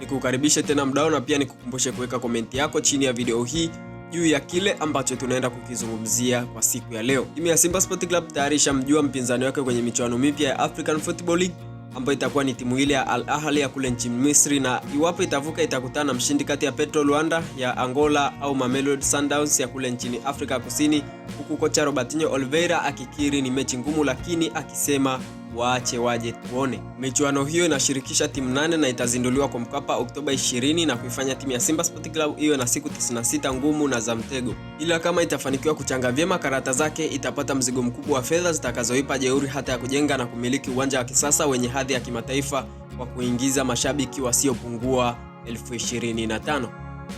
nikukaribishe tena mdao, na pia nikukumbushe kuweka komenti yako chini ya video hii juu ya kile ambacho tunaenda kukizungumzia kwa siku ya leo. Timu ya Simba Sport Club tayari ishamjua mpinzani wake kwenye michuano mipya ya African Football League ambayo itakuwa ni timu ile ya Al Ahly ya kule nchini Misri, na iwapo itavuka itakutana na mshindi kati ya Petro Luanda ya Angola au Mamelodi Sundowns ya kule nchini Afrika Kusini, huku kocha Robertinho Oliveira akikiri ni mechi ngumu, lakini akisema waache waje tuone. Michuano hiyo inashirikisha timu nane na itazinduliwa kwa Mkapa Oktoba 20 na kuifanya timu ya Simba Sport Club iwe na siku 96 ngumu na za mtego, ila kama itafanikiwa kuchanga vyema karata zake itapata mzigo mkubwa wa fedha zitakazoipa jeuri hata ya kujenga na kumiliki uwanja wa kisasa wenye hadhi ya kimataifa kwa kuingiza mashabiki wasiopungua elfu ishirini na tano.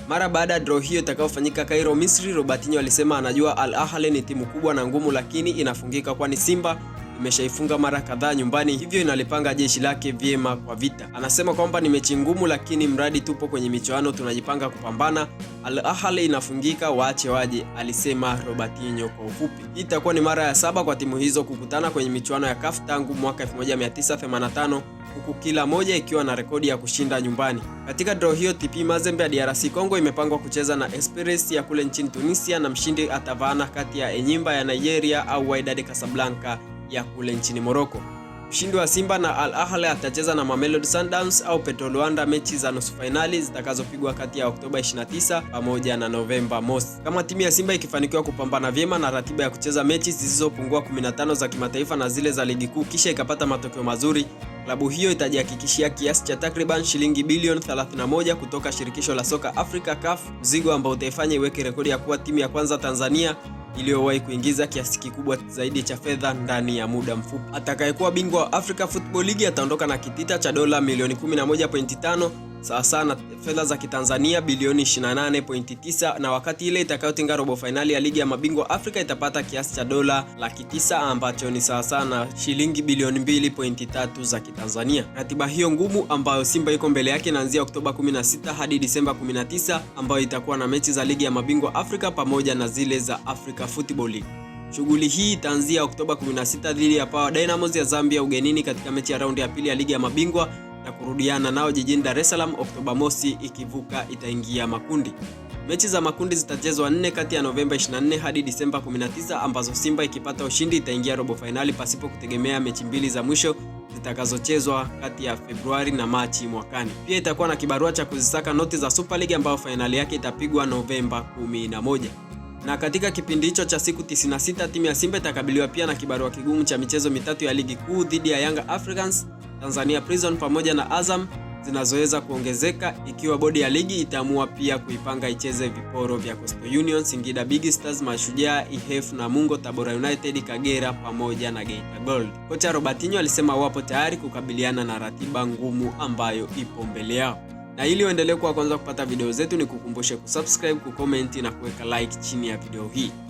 Mara baada ya draw hiyo itakayofanyika Cairo, Misri, Robertinho alisema anajua Al Ahly ni timu kubwa na ngumu, lakini inafungika kwani Simba imeshaifunga mara kadhaa nyumbani, hivyo inalipanga jeshi lake vyema kwa vita. Anasema kwamba ni mechi ngumu, lakini mradi tupo kwenye michuano tunajipanga kupambana. Al Ahly inafungika, waache waje, alisema Robertinho kwa ufupi. Hii itakuwa ni mara ya saba kwa timu hizo kukutana kwenye michuano ya CAF tangu mwaka 1985 huku kila moja ikiwa na rekodi ya kushinda nyumbani. Katika draw hiyo, TP Mazembe ya DRC Congo imepangwa kucheza na Esperance ya kule nchini Tunisia na mshindi atavaana kati ya Enyimba ya Nigeria au Wydad Casablanca ya kule nchini Morocco. Mshindi wa Simba na Al Ahly atacheza na Mamelodi Sundowns au Petro Luanda mechi za nusu fainali zitakazopigwa kati ya Oktoba 29 pamoja na Novemba mosi. Kama timu ya Simba ikifanikiwa kupambana vyema na ratiba ya kucheza mechi zisizopungua 15 za kimataifa na zile za ligi kuu kisha ikapata matokeo mazuri, klabu hiyo itajihakikishia kiasi cha takriban shilingi bilioni 31 kutoka shirikisho la soka Afrika CAF, mzigo ambao utaifanya iweke rekodi ya kuwa timu ya kwanza Tanzania iliyowahi kuingiza kiasi kikubwa zaidi cha fedha ndani ya muda mfupi. Atakayekuwa bingwa wa Africa Football League ataondoka na kitita cha dola milioni 11.5 sawasawa na fedha za Kitanzania bilioni 28.9 na wakati ile itakayotinga robo fainali ya ligi ya mabingwa Afrika itapata kiasi cha dola laki tisa ambacho ni sawasawa na shilingi bilioni 2.3 za Kitanzania. Ratiba hiyo ngumu ambayo Simba iko mbele yake inaanzia Oktoba 16 hadi Disemba 19 ambayo itakuwa na mechi za ligi ya mabingwa Afrika pamoja na zile za Africa Football League. Shughuli hii itaanzia Oktoba 16 dhidi ya Power Dynamos ya Zambia ugenini katika mechi ya raundi ya pili ya ligi ya mabingwa na kurudiana nao jijini Dar es Salaam Oktoba mosi, ikivuka itaingia makundi. Mechi za makundi zitachezwa nne kati ya Novemba 24 hadi Disemba 19, ambazo Simba ikipata ushindi itaingia robo fainali pasipo kutegemea mechi mbili za mwisho zitakazochezwa kati ya Februari na Machi mwakani. Pia itakuwa na kibarua cha kuzisaka noti za Super League ambayo fainali yake itapigwa Novemba 11. Na katika kipindi hicho cha siku 96 timu ya Simba itakabiliwa pia na kibarua kigumu cha michezo mitatu ya ligi kuu dhidi ya Yanga Africans Tanzania Prison pamoja na Azam zinazoweza kuongezeka ikiwa bodi ya ligi itaamua pia kuipanga icheze viporo vya Coastal Union, Singida Big Stars, Mashujaa, IHF, Namungo, Tabora United, Kagera pamoja na Geita Gold. Kocha Robertinho alisema wapo tayari kukabiliana na ratiba ngumu ambayo ipo mbele yao. Na ili uendelee kuwa kwanza kupata video zetu, ni kukumbushe kusubscribe, kukomenti na kuweka like chini ya video hii.